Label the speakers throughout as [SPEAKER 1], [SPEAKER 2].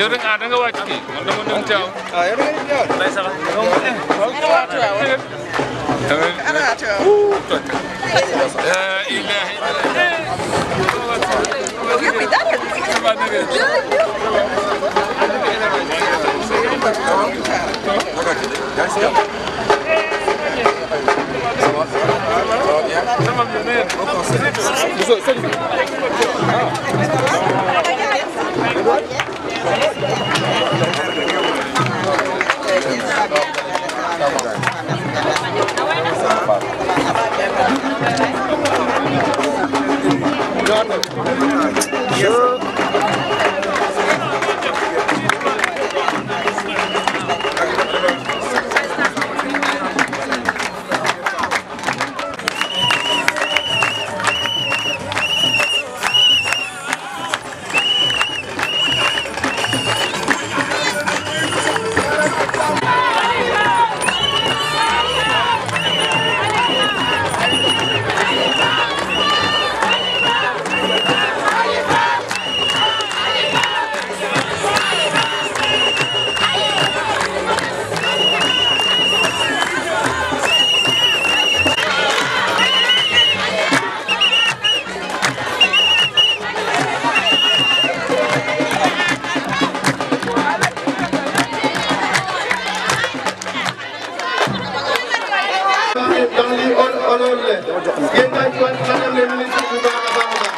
[SPEAKER 1] Yaudah ada nggak wajib? Ada mau nunggu jauh? Ayo deh jauh. Tidak salah. Nunggu deh. Nunggu aja. Ada aja. Ya ilah ilah. Kita ada. Coba dulu. Terima kasih. Salut. loolu la yéen daal di wax xanaa ne ministre bu baax a baax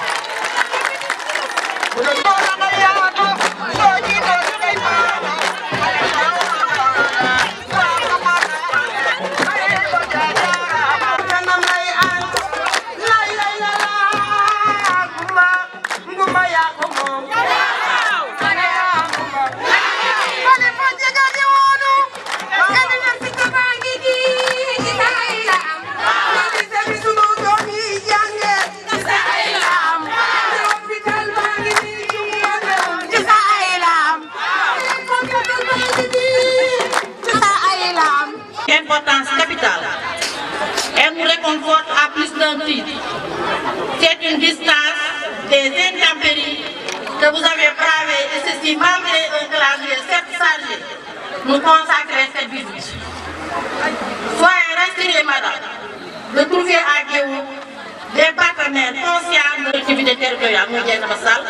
[SPEAKER 1] associés à de l'activité territoriale muy Dieynaba Sall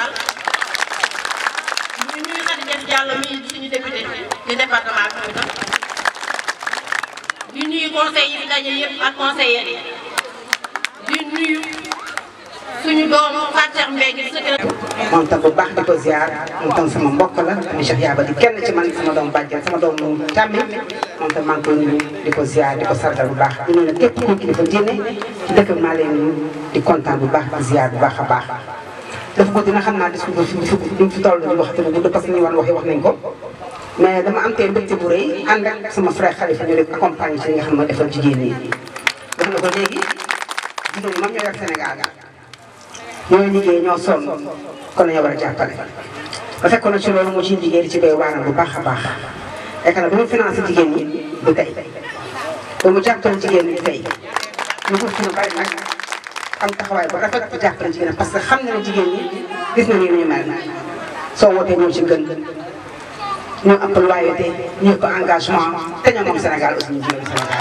[SPEAKER 1] ñu ñuy Khady Diène Diallo mi suñu député du département Koungheul di nuyu conseil yi fi daje ak conseillers yi di nuyu suñu doom Fatou Mbengue moom bu baax di ko ziar moom tam sama mbokk la mu Cheikh kenn ci man sama doom bàjjen sama doom moom tam maa ngi koy di ko ziar di ko sargal bu baax ñu ne képp ku kilifa diine ci dëkk di kontaan bu baax di ziar bu baax a baax dafa ko dina xam naa discours bi fi fi parce que ñu wan wax wax nañ ko mais dama am tey mbégte bu sama frère Khalifa ñu nekk accompagné ci li nga xam ne ma defal jigéen ñi wax na ko léegi jigéen ñi moom Sénégal ñooy liggéey ñoo sonn kon a ñu war a jàppale. ba fekkoon na ci loolu moo ciy liggéey di ci béy waana bu baax a baax yaakaar naa ba mu financé jigéen ñi du tey mu jàppale jigéen ñi tey ñu ko fi ñu bari nag am taxawaay bu rafet bu jàppale jigéen parce que xam na ne jigéen ñi gis nañu ne ñu mel soo wootee ñoo ci gën ñu am loyauté ñu ko engagement te ñoo moom Sénégal aussi ñu jigéen